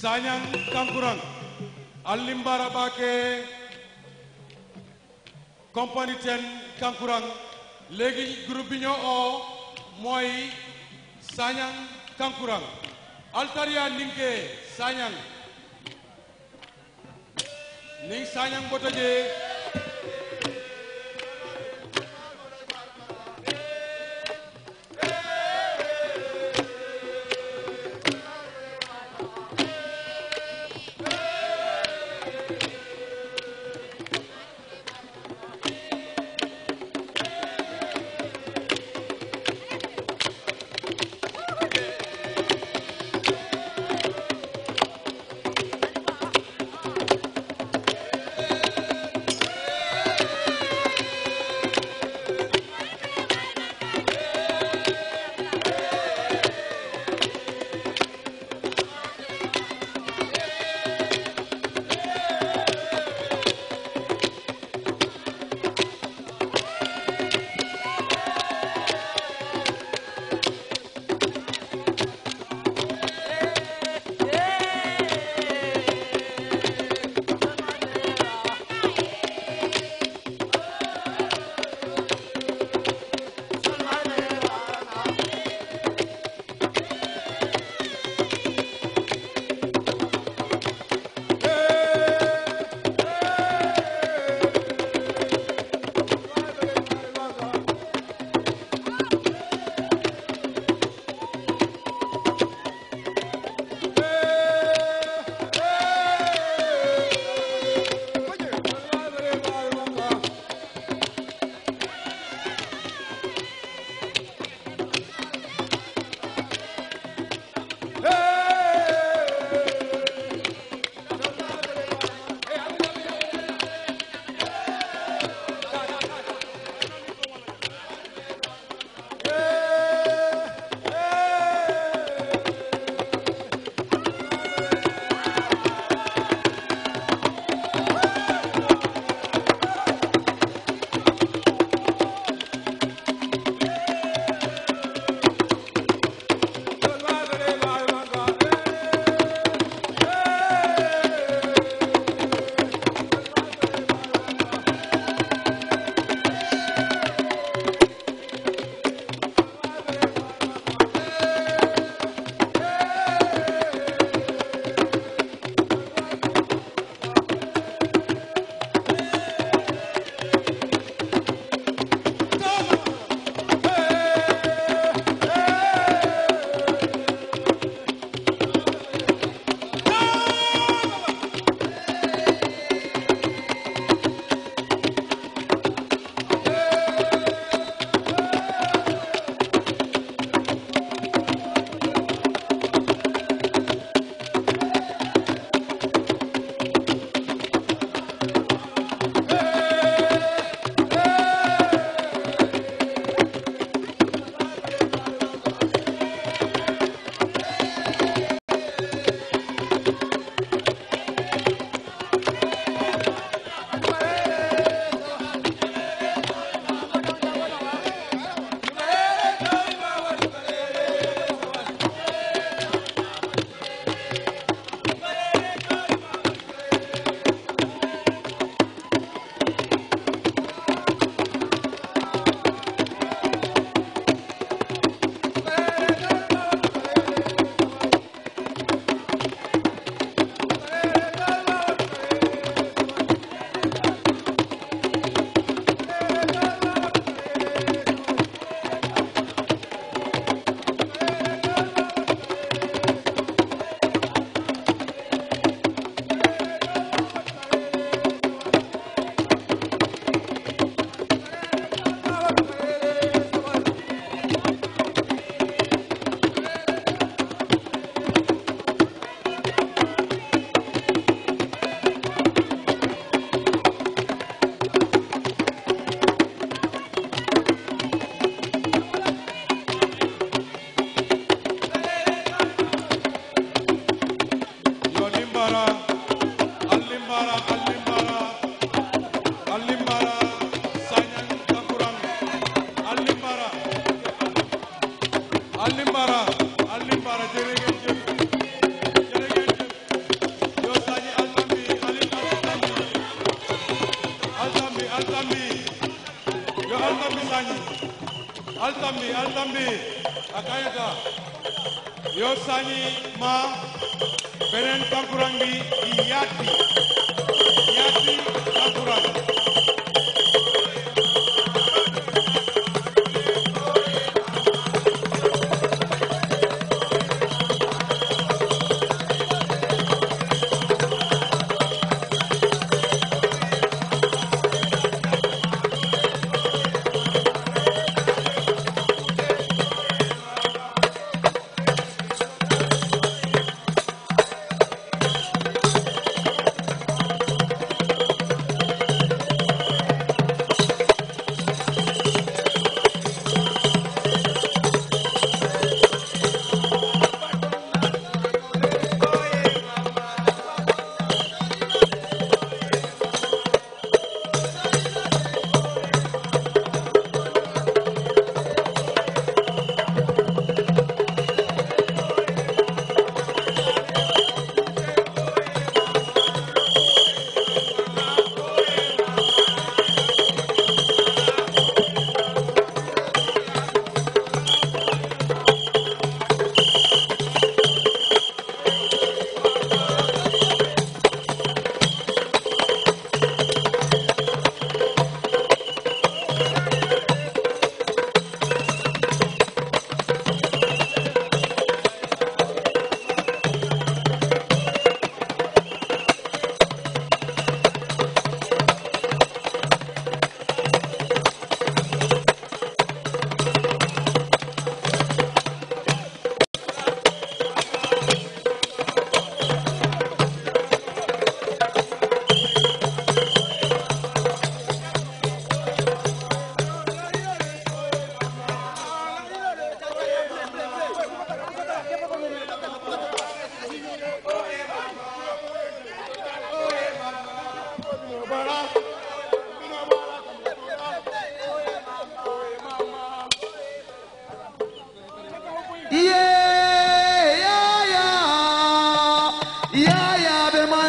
Sanyang Kampurang Alimbara Bake Company Ten Kampurang Legi Grubinyo O Moi Sanyang Kampurang Altaria ninge Sanyang Ning Sanyang botaje. தம்பி ஆள் தம்பி அக்காயக்கா விவசாயி மா பெரன் தம்புரங்கி யாட்டி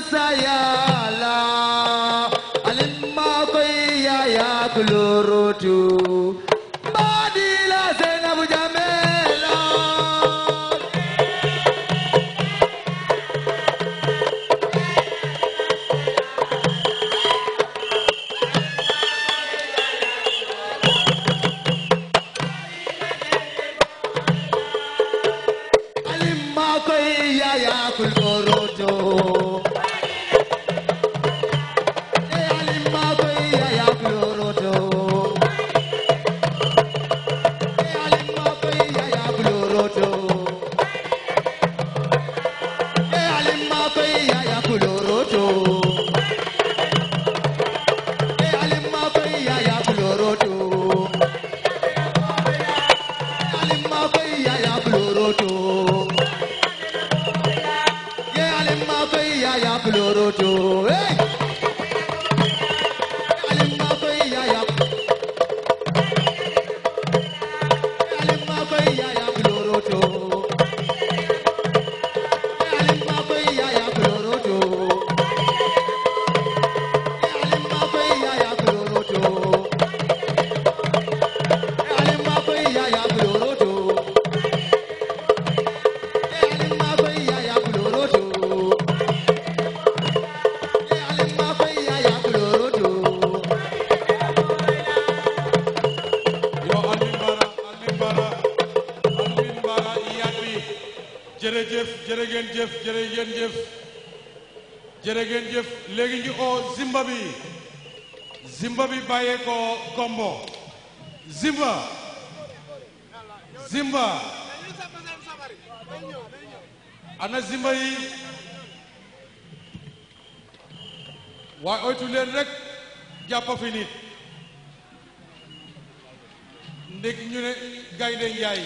saya lah alim ma kaya ya gluru tu jërëjëf jërë ngeen jëf jërë ngeen jëf jërë ngeen jëf léegi ñu oo Zimba bi Zimba bi bàyyee ko Kombo Zimba Zimba ana Zimba waaye oytu leen rek jàpp fi ndég ñu ne gaynde Njaay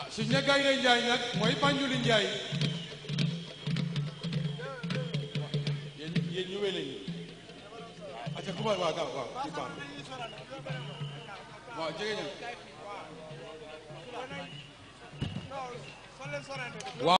ah suñ ne gaynde njaay nag mooy bànjuli njaay yéen yéen ñu wele ñu aca ah, kuma waaw daaw waaw ci baax waaw jege ñam waaw